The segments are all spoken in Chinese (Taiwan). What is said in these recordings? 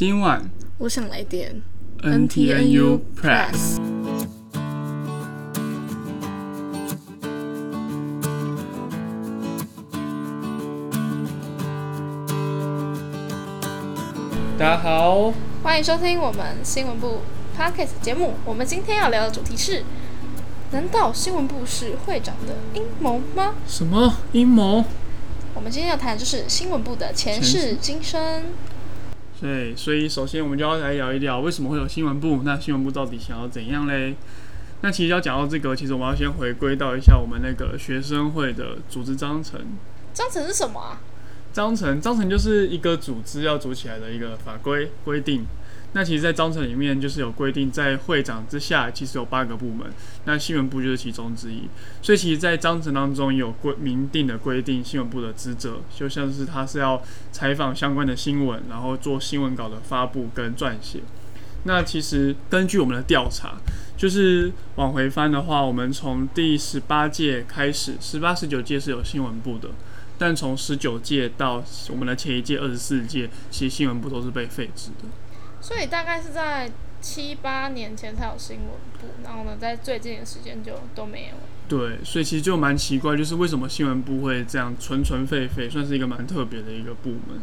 今晚我想來點 NTNU Press。大家好，歡迎收聽我們新聞部 Podcast 節目。我們今天要聊的主題是：難道新聞部是會長的陰謀嗎？什麼陰謀？陰謀我們今天要談的就是新聞部的前世今生。對，所以首先我們就要來聊一聊為什麼會有新聞部。那新聞部到底想要怎樣嘞？那其實要講到這個，其實我們要先回歸到一下我們那個學生會的組織章程。章程是什麼啊？章程，章程就是一個組織要組起來的一個法規規定。那其實，在章程裡面就是有規定，在會長之下其實有八個部門，那新聞部就是其中之一。所以，其實，在章程當中有規明定的規定，新聞部的職責就像是他是要採訪相關的新聞，然後做新聞稿的發布跟撰寫。那其實，根據我們的調查，就是往回翻的話，我們從第十八屆開始，十八、十九屆是有新聞部的，但從十九屆到我們的前一屆二十四屆，其實新聞部都是被廢止的。所以大概是在七八年前才有新聞部，然後呢，在最近的時間就都沒有了。對，所以其實就蠻奇怪，就是為什麼新聞部會這樣存存廢廢，算是一個蠻特別的一個部門。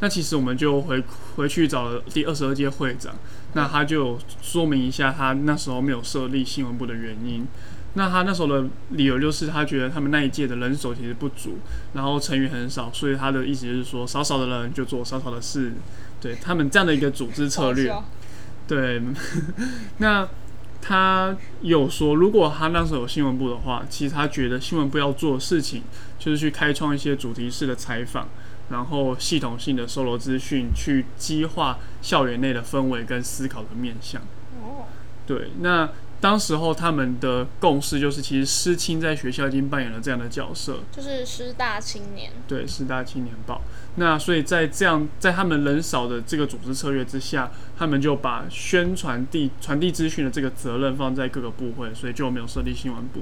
那其實我們就回回去找了第二十二屆會長，那他就說明一下他那時候沒有設立新聞部的原因。那他那時候的理由就是他覺得他們那一屆的人手其實不足，然後成員很少，所以他的意思就是說，少少的人就做少少的事。對，他們這樣的一個組織策略， 對，那他有說，如果他那時候有新聞部的話，其實他覺得新聞部要做的事情，就是去開創一些主題式的採訪，然後系統性的搜羅資訊，去激化校園內的氛圍跟思考的面向。對，那。當時候他們的共識就是，其實師青在學校已經扮演了這樣的角色，就是師大青年，對，師大青年報。那所以在這樣在他們人少的這個組織策略之下，他們就把宣傳地傳遞資訊的這個責任放在各個部會，所以就沒有設立新聞部。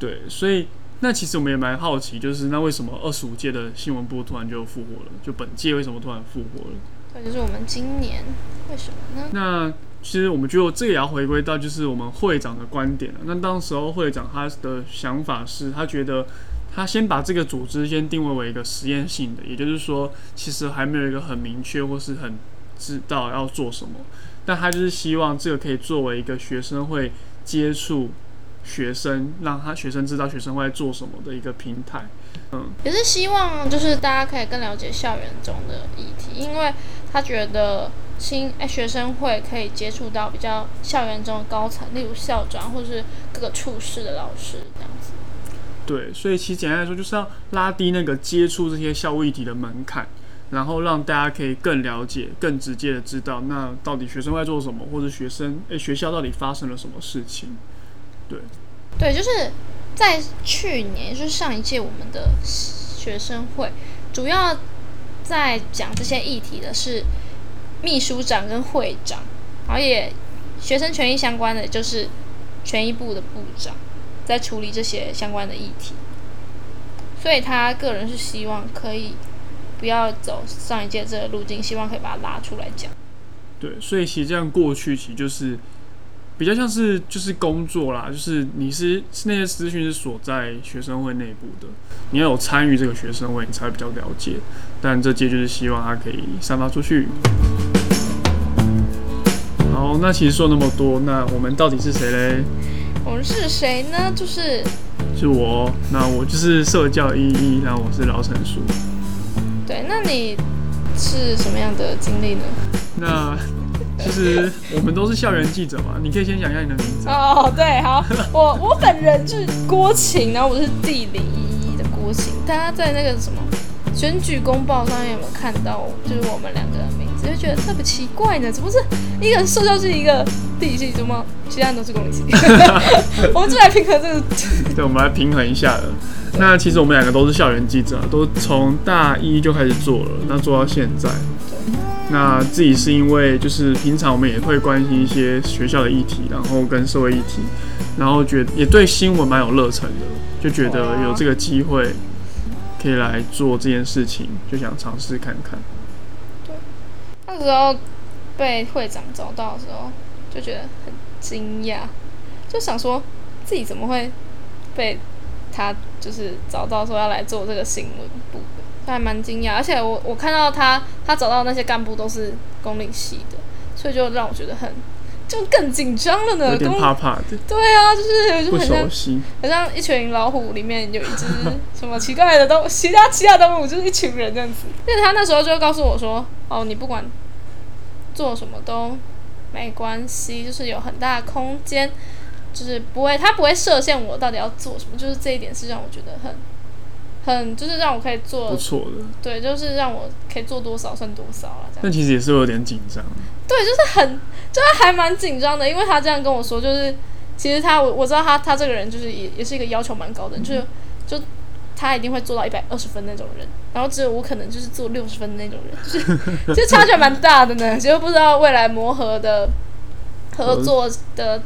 對，所以那其實我們也蠻好奇，就是那為什麼二十五屆的新聞部突然就復活了？就本屆為什麼突然復活了？對，就是我們今年為什麼呢？那。其實我們就這個也要回歸到，就是我們會長的觀點了。那當時會長他的想法是，他覺得他先把這個組織先定位為一個實驗性的，也就是說，其實還沒有一個很明確或是很知道要做什麼。但他就是希望這個可以作為一個學生會接觸學生，讓他學生知道學生會做什麼的一個平台。嗯，也是希望就是大家可以更了解校園中的議題，因為他覺得。新哎、欸，學生會可以接觸到比較校園中的高層，例如校長或是各個處室的老師這樣子。對，所以其實簡單來說，就是要拉低那個接觸這些校務議題的門檻，然後讓大家可以更了解、更直接的知道，那到底學生會在做什麼，或者學生哎、欸、學校到底發生了什麼事情。對，對，就是在去年，就是上一屆我們的學生會主要在講這些議題的是祕書長跟會長，然後也學生權益相關的就是權益部的部長在處理這些相關的議題，所以他個人是希望可以不要走上一屆這個路徑，希望可以把它拉出來講。對，所以其實這樣過去其實就是比較像是就是工作啦，就是你是那些資訊是所在學生會內部的，你要有參與這個學生會，你才會比較了解。但這屆就是希望它可以散發出去。哦，那其實說那麼多，那我們到底是誰嘞？我們是誰呢？就是，是我。那我就是社教一一，然後我是老成熟。對，那你是什麼樣的經歷呢？那其實我們都是校園記者嘛。 你可以先講一下你的名字。哦，oh, oh, oh, 對，好，我我本人是郭琴，然後我是地理一一的郭琴。大家在那個什麼選舉公報上面有沒有看到？就是我們兩個。我就覺得特別奇怪呢，怎麼是一個人受教是一個地理系，怎麼其他人都是公理系？ 我們就來平衡這個。 對，我們來平衡一下了。那其實我們兩個都是校園記者，都從大一就開始做了，那做到現在。對那自己是因為就是平常我們也會關心一些學校的議題，然後跟社會議題，然後覺得也對新聞蠻有熱忱的，就覺得有這個機會可以來做這件事情，就想嘗試看看。那時候被會長找到的時候，就覺得很驚訝，就想說自己怎麼會被他就是找到說要來做這個新聞部的，還蠻驚訝。而且我我看到他他找到的那些幹部都是公立系的，所以就讓我覺得很就更緊張了呢，有點怕怕的，對啊，就是不熟悉，像一群老虎裡面有一隻什麼奇怪的東 其他其他的動物就是一群人這樣子。因為他那時候就告訴我說：“哦，你不管。”做什麼都沒關係，就是有很大的空間，就是不會，他不會設限我到底要做什麼，就是這一點是讓我覺得很很就是讓我可以做不錯的，對，就是讓我可以做多少算多少了啊。但其實也是有點緊張，對，就是很就是還蠻緊張的，因為他這樣跟我說，就是其實他我我知道他他這個人就是也也是一個要求蠻高的，嗯，就，就是就。他一定會做到一百二十分那種人，然後只有我可能就是做六十分的那種人，就是其實差距還蠻大的呢。其實 不知道未來磨合的、合作的、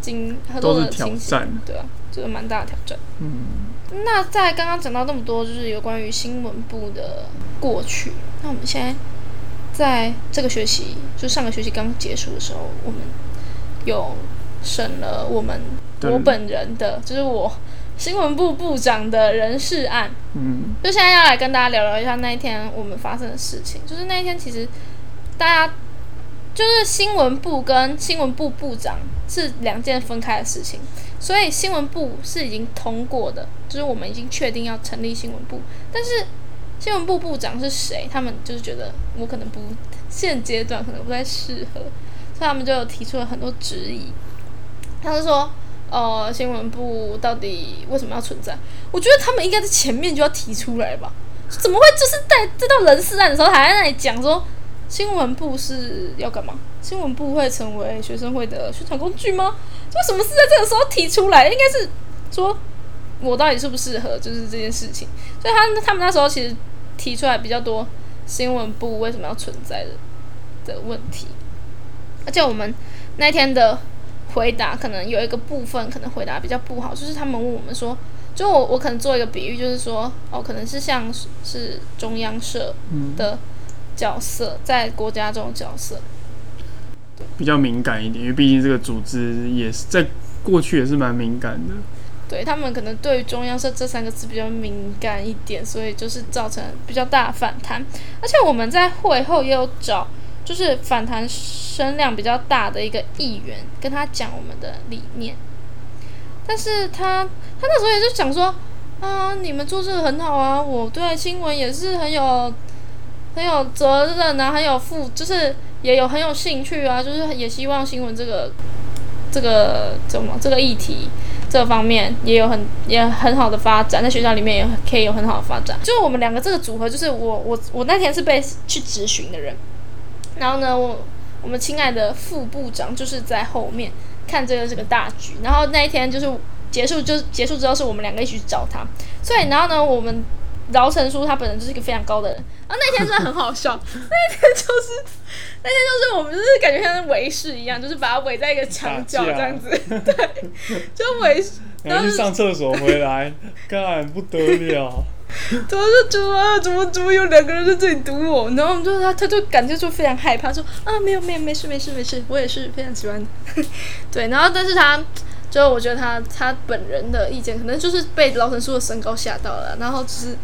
經合、合作的情形，對啊，這個蠻大的挑戰。嗯，那在剛剛講到這麼多，就是有關於新聞部的過去。那我們現在在這個學期，就上個學期剛結束的時候，我們有審了我們我本人的，對就是我。新聞部部長的人事案，嗯，就現在要來跟大家聊聊一下那一天我們發生的事情。就是那一天，其實大家，就是新聞部跟新聞部部長是兩件分開的事情，所以新聞部是已經通過的，就是我們已經確定要成立新聞部，但是新聞部部長是誰，他們就是覺得我可能不現階段可能不太適合，所以他們就提出了很多質疑，他們說。哦，新聞部到底為什麼要存在？我覺得他們應該在前面就要提出來吧？怎麼會就是在這到人事案的時候還在那裡講說新聞部是要幹嘛？新聞部會成為學生會的宣傳工具嗎？為什麼是在這個時候提出來？應該是說我到底適不適合就是這件事情。所以他他們那時候其實提出來比較多新聞部為什麼要存在的的問題，而且我們那天的。回答可能有一個部分，可能回答比較不好，就是他們問我們說，就我我可能做一個比喻，就是說，哦，可能是像是中央社的角色，嗯、在國家這種角色，比較敏感一點，因為畢竟這個組織也是在過去也是蠻敏感的。對他們可能對中央社這三個字比較敏感一點，所以就是造成比較大反彈，而且我們在會後也有找。就是反彈聲量比較大的一個議員，跟他講我們的理念，但是他他那時候也就講說，啊，你們做這個很好啊，我對新聞也是很有很有責任啊，很有負，就是也有很有興趣啊，就是也希望新聞這個這個怎麼這個議題這方面也有很也很好的發展，在學校裡面也可以有很好的發展，就是我們兩個這個組合，就是我我我那天是被去質詢的人。然後呢，我我們親愛的副部長就是在後面看這個這個大局。然後那一天就是結束，就結束之後是我們兩個一起去找他。所以然後呢，我們饒成書他本人就是一個非常高的人。然後那天真的很好笑， 那天就是那天就是我們就是感覺像是圍視一樣，就是把他圍在一個牆角這樣子，打架 對，就圍。然後上廁所回來， 幹不得了。怎麼怎麼怎麼怎麼有兩個人在這裡堵我？然後，就是他他就感覺就非常害怕，說啊沒有沒有沒事沒事沒事，我也是非常喜歡， 對。然後，但是他就我覺得他他本人的意見，可能就是被老陳叔的身高嚇到了。然後只是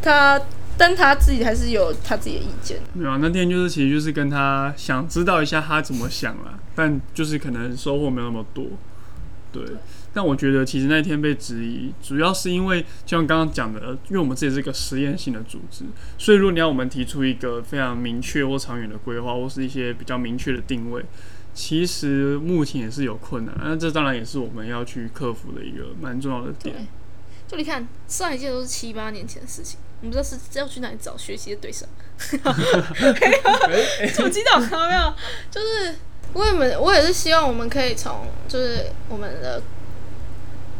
他，但他自己還是有他自己的意見。沒有啊，那天就是其實就是跟他想知道一下他怎麼想了，但就是可能收穫沒有那麼多，對。但我覺得，其實那一天被質疑，主要是因為就像剛剛講的，因為我們這也是一個實驗性的組織，所以如果你要我們提出一個非常明確或長遠的規劃，或是一些比較明確的定位，其實目前也是有困難。那這當然也是我們要去克服的一個蠻重要的點。就你看，上一屆都是七八年前的事情，我們不知道是要去哪裡找學習的對象。手機看到沒有？就是我也沒，我也是希望我們可以從就是我們的。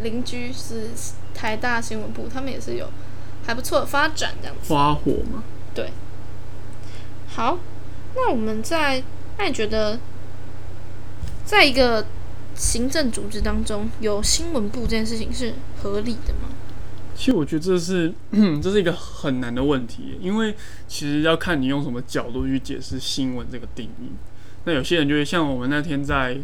鄰居是台大新聞部，他們也是有還不錯的發展這樣子。發火嗎？對。好，那我們在，那你覺得在一個行政組織當中有新聞部這件事情是合理的嗎？其實我覺得這是這是一個很難的問題，因為其實要看你用什麼角度去解釋新聞這個定義。那有些人就會像我們那天在。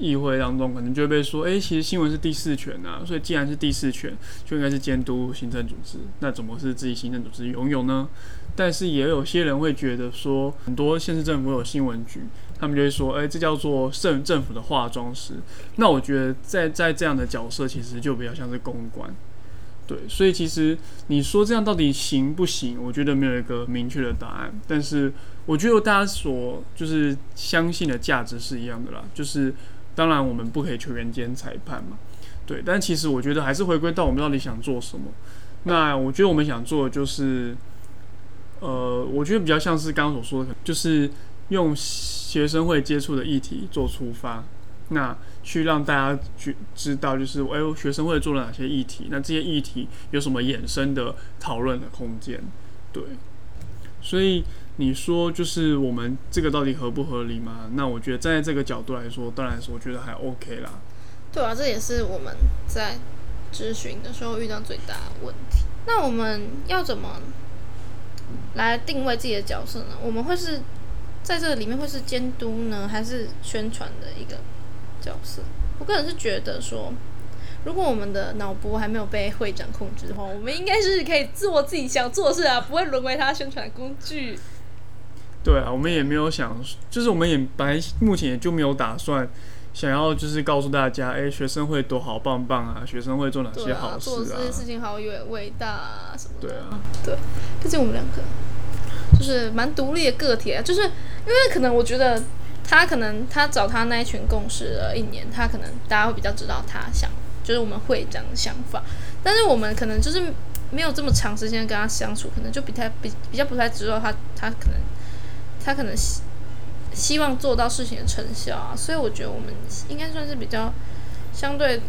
議會當中可能就會被說，哎、欸，其實新聞是第四權啊，所以既然是第四權，就應該是監督行政組織，那怎麼是自己行政組織擁有呢？但是也有些人會覺得說，很多縣市政府有新聞局，他們就會說，哎、欸，這叫做政政府的化妝師。那我覺得在，在在這樣的角色，其實就比較像是公關。對，所以其實你說這樣到底行不行？我覺得沒有一個明確的答案。但是我覺得大家所就是相信的價值是一樣的啦，就是。當然，我們不可以球員兼裁判嘛，對。但其實我覺得還是回歸到我們到底想做什麼。那我覺得我們想做的就是，呃，我覺得比較像是剛剛所說的，就是用學生會接觸的議題做出發，那去讓大家去知道，就是哎，欸、學生會做了哪些議題，那這些議題有什麼衍生的討論的空間？對，所以。你說就是我們這個到底合不合理嗎？那我覺得站在這個角度來說，當然是我覺得還 OK 啦。對啊，這也是我們在諮詢的時候遇到最大的問題。那我們要怎麼來定位自己的角色呢？我們會是在這裡面會是監督呢，還是宣傳的一個角色？我個人是覺得說，如果我們的腦波還沒有被會長控制的話，我們應該是可以做自、自己想做的事啊，不會淪為他宣傳工具。對啊，我們也沒有想，就是我們也本來目前也就沒有打算想要，就是告訴大家，哎、欸，學生會多好棒棒啊！學生會做哪些好事啊，做這些事情好偉大啊什麼的。對啊，對，畢竟我們兩個就是蠻獨立的個體啊，就是因為可能我覺得他可能他找他那一群共事了一年，他可能大家會比較知道他想，就是我們會長的想法，但是我們可能就是沒有這麼長時間跟他相處，可能就比他比比較不太知道他他，他可能，他可能希希望做到事情的成效啊，所以我覺得我們應該算是比較相對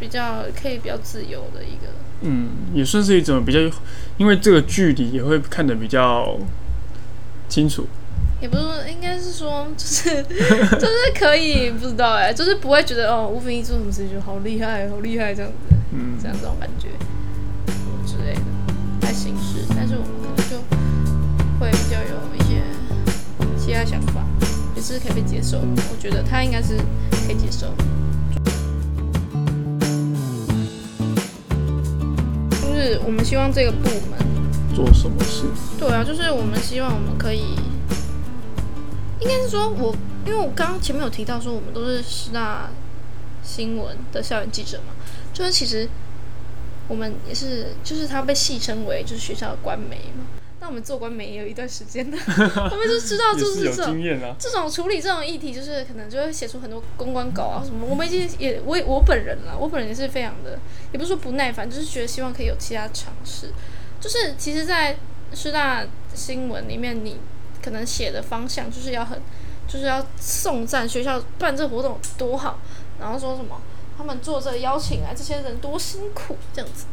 比較可以比較自由的一個。嗯，也算是一種比較，因為這個距離也會看得比較清楚。也不是，應該是說就是就是可以 不知道哎、欸，就是不會覺得哦吳明一做什麼事情就好厲害好厲害這樣子，嗯，這樣這種感覺。是可以被接受的，我覺得他應該是可以接受。就是我們希望這個部門做什麼事？對啊，就是我們希望我們可以，應該是說我因為我剛剛前面有提到說我們都是師大新聞的校園記者嘛，就是其實我們也是，就是他被戲稱為就是學校的官媒嘛。那我們做官媒也有一段時間了，他們 就知道就是這種是、啊、這種處理這種議題，就是可能就會寫出很多公關稿啊、嗯、什麼。我們已經也我也我本人了，我本人也是非常的，也不是說不耐煩，就是覺得希望可以有其他嘗試。就是其實，在師大新聞裡面，你可能寫的方向就是要很，就是要頌讚學校辦這活動多好，然後說什麼他們做這個邀請啊，這些人多辛苦這樣子，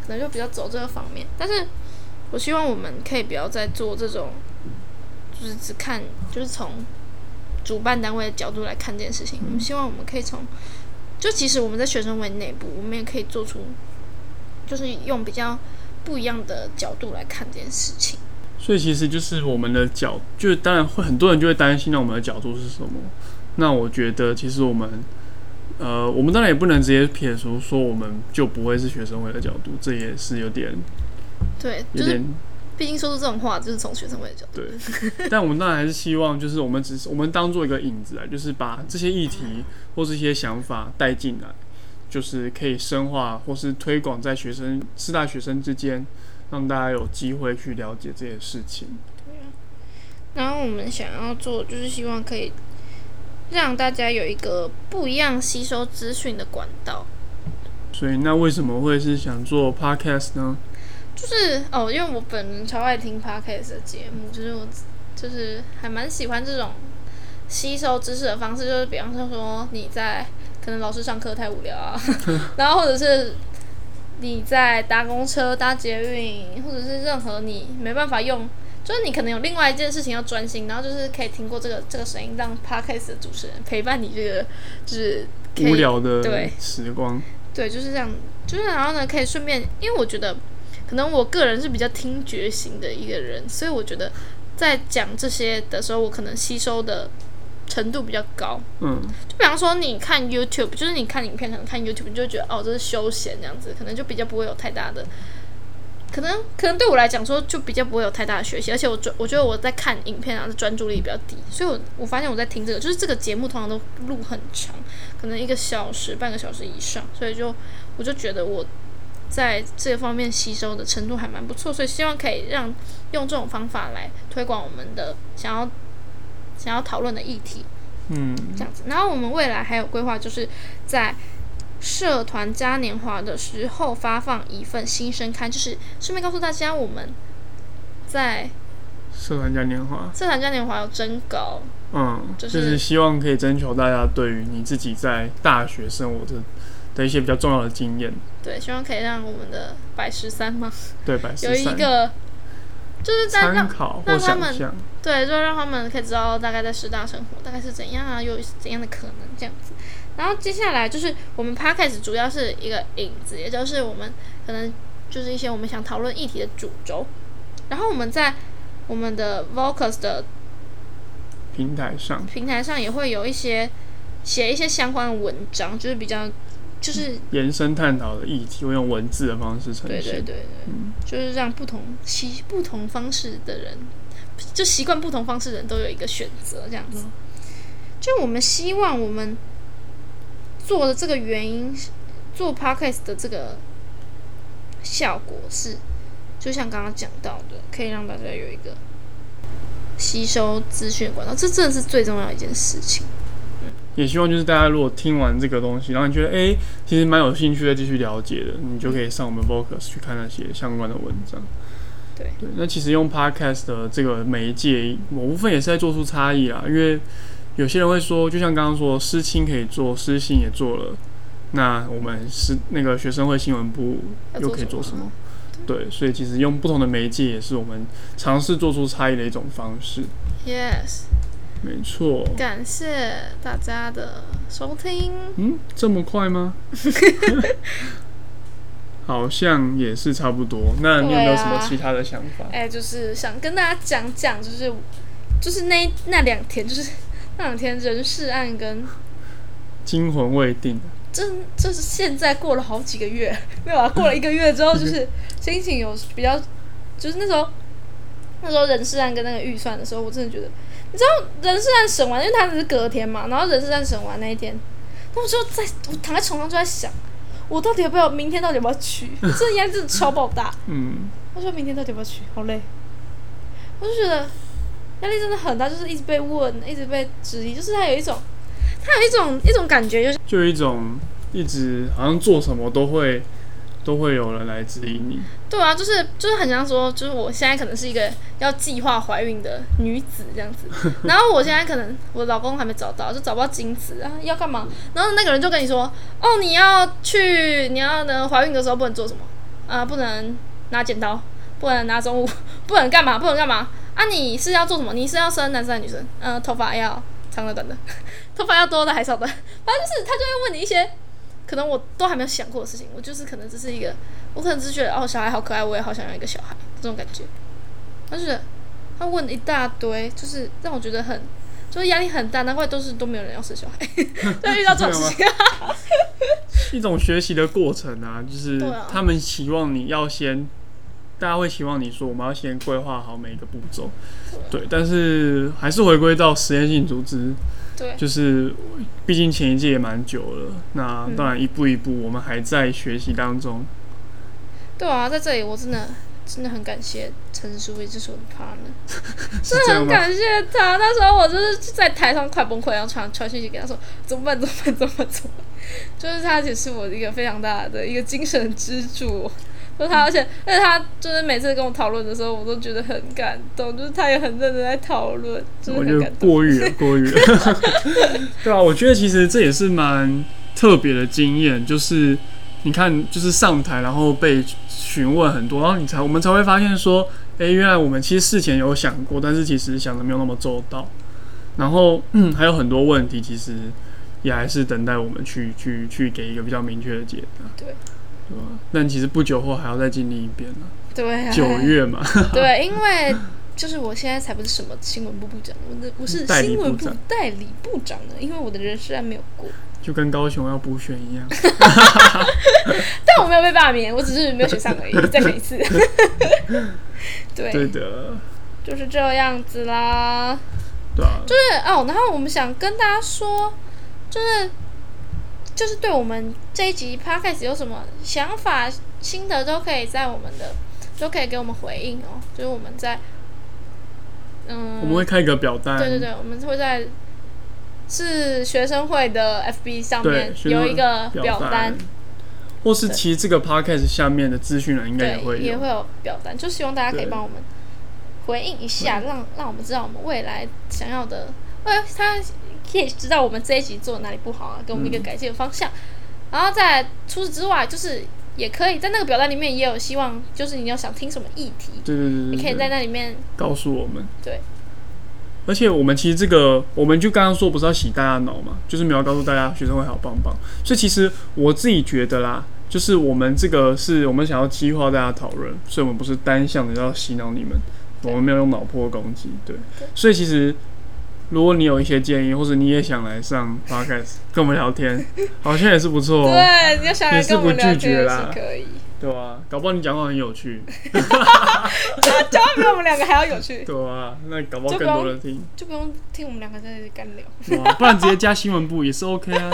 可能就比較走這個方面，但是。我希望我們可以不要再做這種，就是只看，就是從主辦單位的角度來看這件事情。我們希望我們可以從，就其實我們在學生會內部，我們也可以做出，就是用比較不一樣的角度來看這件事情。所以其實就是我們的角，就是當然會很多人就會擔心，那我們的角度是什麼？那我覺得其實我們，呃，我們當然也不能直接撇除說我們就不會是學生會的角度，這也是有點。對，就是畢竟說出這種話，就是從學生會的角度。對， 但我們當然還是希望，就是我們只是我們當做一個影子啊，就是把這些議題或是一些想法帶進來，嗯、就是可以深化或是推廣在學生四大學生之間，讓大家有機會去了解這些事情。對啊。然後我們想要做，就是希望可以讓大家有一個不一樣吸收資訊的管道。對所以那為什麼會是想做 Podcast 呢？就是哦，因為我本人超愛聽 Podcast 的節目，就是我，就是還蠻喜歡這種吸收知識的方式。就是比方說，你在可能老師上課太無聊啊， 然後或者是你在搭公車、搭捷運，或者是任何你沒辦法用，就是你可能有另外一件事情要專心，然後就是可以聽過這個這個聲音，讓 Podcast 主持人陪伴你這個就是無聊的對時光，對,對就是這樣，就是然後呢，可以順便，因為我覺得。可能我個人是比較聽覺型的一個人，所以我覺得在講這些的時候，我可能吸收的程度比較高。嗯，就比方說你看 YouTube，就是你看影片，可能看 YouTube 你就覺得哦，這是休閒這樣子，可能就比較不會有太大的，可能可能對我來講說就比較不會有太大的學習。而且我我覺得我在看影片啊，然後專注力比較低，所以我我發現我在聽這個，就是這個節目通常都錄很長，可能一個小時、半個小時以上，所以就我就覺得我。在這方面吸收的程度還蠻不錯，所以希望可以讓用這種方法來推廣我們的想要想要討論的議題。嗯，這樣子。然後我們未來還有規劃，就是在社團嘉年華的時候發放一份新生刊，就是順便告訴大家我們在社團嘉年華，社團嘉年華要徵稿。嗯，就是，就是希望可以徵求大家對於你自己在大學生活的。的一些比較重要的經驗，對，希望可以讓我們的百十三嘛，對，百十三有一個，就是在參考或讓他們，想像對，就讓他們可以知道大概在師大生活大概是怎樣啊，又是怎樣的可能這樣子。然後接下來就是我們 Podcast 主要是一個影子，也就是我們可能就是一些我們想討論議題的主軸。然後我們在我們的 Vocus 的平台上，平台上也會有一些寫一些相關的文章，就是比較。就是延伸探討的議題，會用文字的方式呈現。對對對對，嗯。就是讓不同習不同方式的人，就習慣不同方式的人都有一個選擇，這樣子。就我們希望我們做的這個原因，做 podcast 的這個效果是，就像剛剛講到的，可以讓大家有一個吸收資訊的管道，這真的是最重要一件事情。也希望就是大家如果聽完這個東西，然後你覺得哎、欸，其實蠻有興趣再繼續了解的，你就可以上我們 Vocus 去看那些相關的文章。對,對。那其實用 Podcast 的這個媒介，某部分也是在做出差異啊，因為有些人會說，就像剛剛說，師青可以做，師信也做了，那我們是那個學生會新聞部又可以做什麼？什麼對。所以其實用不同的媒介也是我們嘗試做出差異的一種方式。Yes. 沒錯，感謝大家的收聽。嗯，這麼快嗎？ 好像也是差不多。那你有沒有什麼其他的想法？哎、啊，欸、就是想跟大家講講，就是就是那那兩天，就是那兩天、就是、那兩天人事案跟驚魂未定。真，這、就是現在過了好幾個月，沒有啊？過了一個月之後，就是心情有比較， 就是那時候那時候人事案跟那個預算的時候，我真的覺得。你知道人事在審完，因為他只是隔天嘛。然後人事在審完那一天，那我就在我躺在床上就在想，我到底要不要明天到底要不要去？這壓 力真的超爆大。嗯。我說明天到底要不要去？好累。我就覺得壓力真的很大，就是一直被問，一直被質疑，就是他有一種，他有一種一種感覺，就是就有一種一直好像做什麼都會。都會有人來指引你。對啊，就是就是很像說，就是我現在可能是一個要計劃懷孕的女子這樣子。然後我現在可能我老公還沒找到，就找不到精子啊，要幹嘛？然後那個人就跟你說，哦，你要去，你要能懷孕的時候不能做什麼？啊、呃，不能拿剪刀，不能拿重物，不能幹嘛？不能幹嘛？啊，你是要做什麼？你是要生男生還女生？嗯、呃，頭髮要長的短的，頭髮要多的還是少的？反正就是他就會問你一些。可能我都還沒有想過的事情，我就是可能只是一個，我可能只是覺得哦，小孩好可愛，我也好想要一個小孩這種感覺。但是，他問一大堆，就是讓我覺得很，就是壓力很大。難怪都是都沒有人要生小孩，對呵， 遇到這種事情啊，一種學習的過程啊，就是他們希望你要先，大家會希望你說我們要先規劃好每一個步驟，對，但是還是回歸到實驗性組織。對就是，畢竟前一屆也蠻久了，那當然一步一步我們還在學習當中、嗯。對啊，在這裡我真的真的很感謝陳淑薇，也是我的 partner， 是的，很感謝他。那時候我就是在台上快崩潰，然後傳傳訊息給她說，怎麼辦怎麼辦怎麼辦，就是他也是我的一個非常大的一個精神支柱。就他，而且，而且他就是每次跟我討論的時候，我都覺得很感動。就是他也很認真在討論，就是、很感動。我覺得過譽了，過譽了。 對啊，我覺得其實這也是蠻特別的經驗。就是你看，就是上台然後被詢問很多，然後你才我們才會發現說，哎、欸，原來我們其實事前有想過，但是其實想的沒有那麼周到。然後嗯，還有很多問題，其實也還是等待我們去去去給一個比較明確的解答。對。對啊，但其實不久後還要再經歷一遍呢。對啊，九月嘛。 對，因為就是我現在才不是什麼新聞部部長，我的我是新聞部代理部長呢。長因為我的人事還沒有過，就跟高雄要補選一樣。但我沒有被罷免，我只是沒有選上而已，再選 一次。 對，對的，就是這樣子啦。對啊，就是哦，然後我們想跟大家說，就是。就是對我們這一集 podcast 有什麼想法、心得，都可以在我們的，都可以給我們回應哦。就是我們在，嗯，我們會開一個表單，對對對，我們會在是學生會的 FB 上面有一個表單，表單或是其實這個 podcast 下面的資訊欄應該也會也會有表單，就希望大家可以幫我們回應一下，對讓讓我們知道我們未來想要的，他。可以知道我們這一集做的哪裡不好啊，給我們一個改進的方向。嗯、然後在除此之外，就是也可以在那個表單裡面也有希望，就是你要想聽什麼議題，對對，對對對，你可以在那裡面告訴我們。對。而且我們其實這個，我們就剛剛說不是要洗大家腦嘛，就是沒有告訴大家學生會好棒棒。所以其實我自己覺得啦，就是我們這個是我們想要激化大家討論，所以我們不是單向的要洗腦你們，對我們沒有用腦波攻擊。對。Okay. 所以其實。如果你有一些建議，或者你也想來上 podcast 跟我們聊天，好像也是不錯。對，你要想來跟我們聊天也是可以。對啊，搞不好你講話很有趣。哈哈哈哈，講話比我們兩個還要有趣。對啊，那搞不好更多人聽就。就不用聽我們兩個在那裡乾聊。 哇，不然直接加新聞部也是 OK 啊。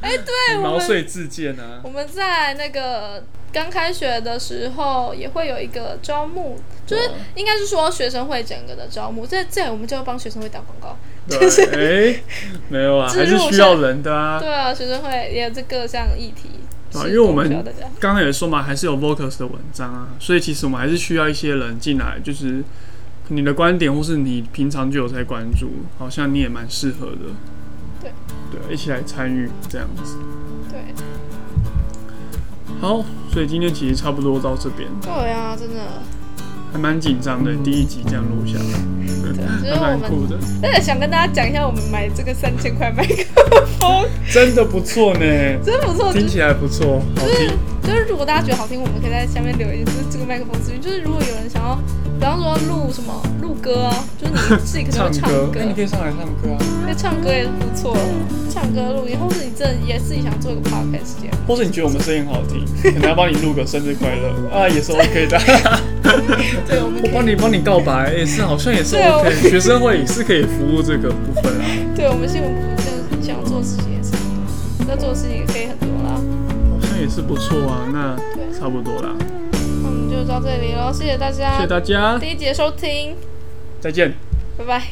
哎、 欸，對，毛遂自薦啊。我們，我們在那個剛開學的時候，也會有一個招募，對就是應該是說，學生會整個的招募。這這，在我們就要幫學生會打廣告。就哎、 欸，沒有啊，還是需要人的啊。對啊，學生會也有這各項議題。對啊，因為我們剛剛也說嘛， 還是有 Vocus 的文章啊，所以其實我們還是需要一些人進來，就是你的觀點，或是你平常就有在關注，好像你也蠻適合的。對對，一起來參與這樣子。對。好，所以今天其實差不多到這邊了。對啊，真的。還蠻緊張的，第一集這樣錄下來，對，蠻酷的。真的想跟大家講一下，我們買這個三千塊麥克風，真的不錯呢，真不錯，聽起來不錯，好聽。就是如果大家覺得好聽，我們可以在下面留言，就是這個麥克風視頻。就是如果有人想要，比方說錄什麼錄歌，就是你自己可能會唱歌，那你可以上來唱歌啊，那唱歌也不錯，唱歌錄音，或者你真也自己想做一個 podcast 或者你覺得我們聲音好聽，可能要幫你錄個生日快樂啊，也是 OK 的。 對，okay. 我們我幫你幫你告白也、欸、是，好像也是 o、okay, okay. 學生會也是可以服務這個部分啊。 對，我們新聞部現在想做事情也是， 那做事情可以很多啦。好像也是不錯啊，那差不多啦。那對我們就到這裡嘍，謝謝大家，謝謝大家，第一集收聽，再見，拜拜。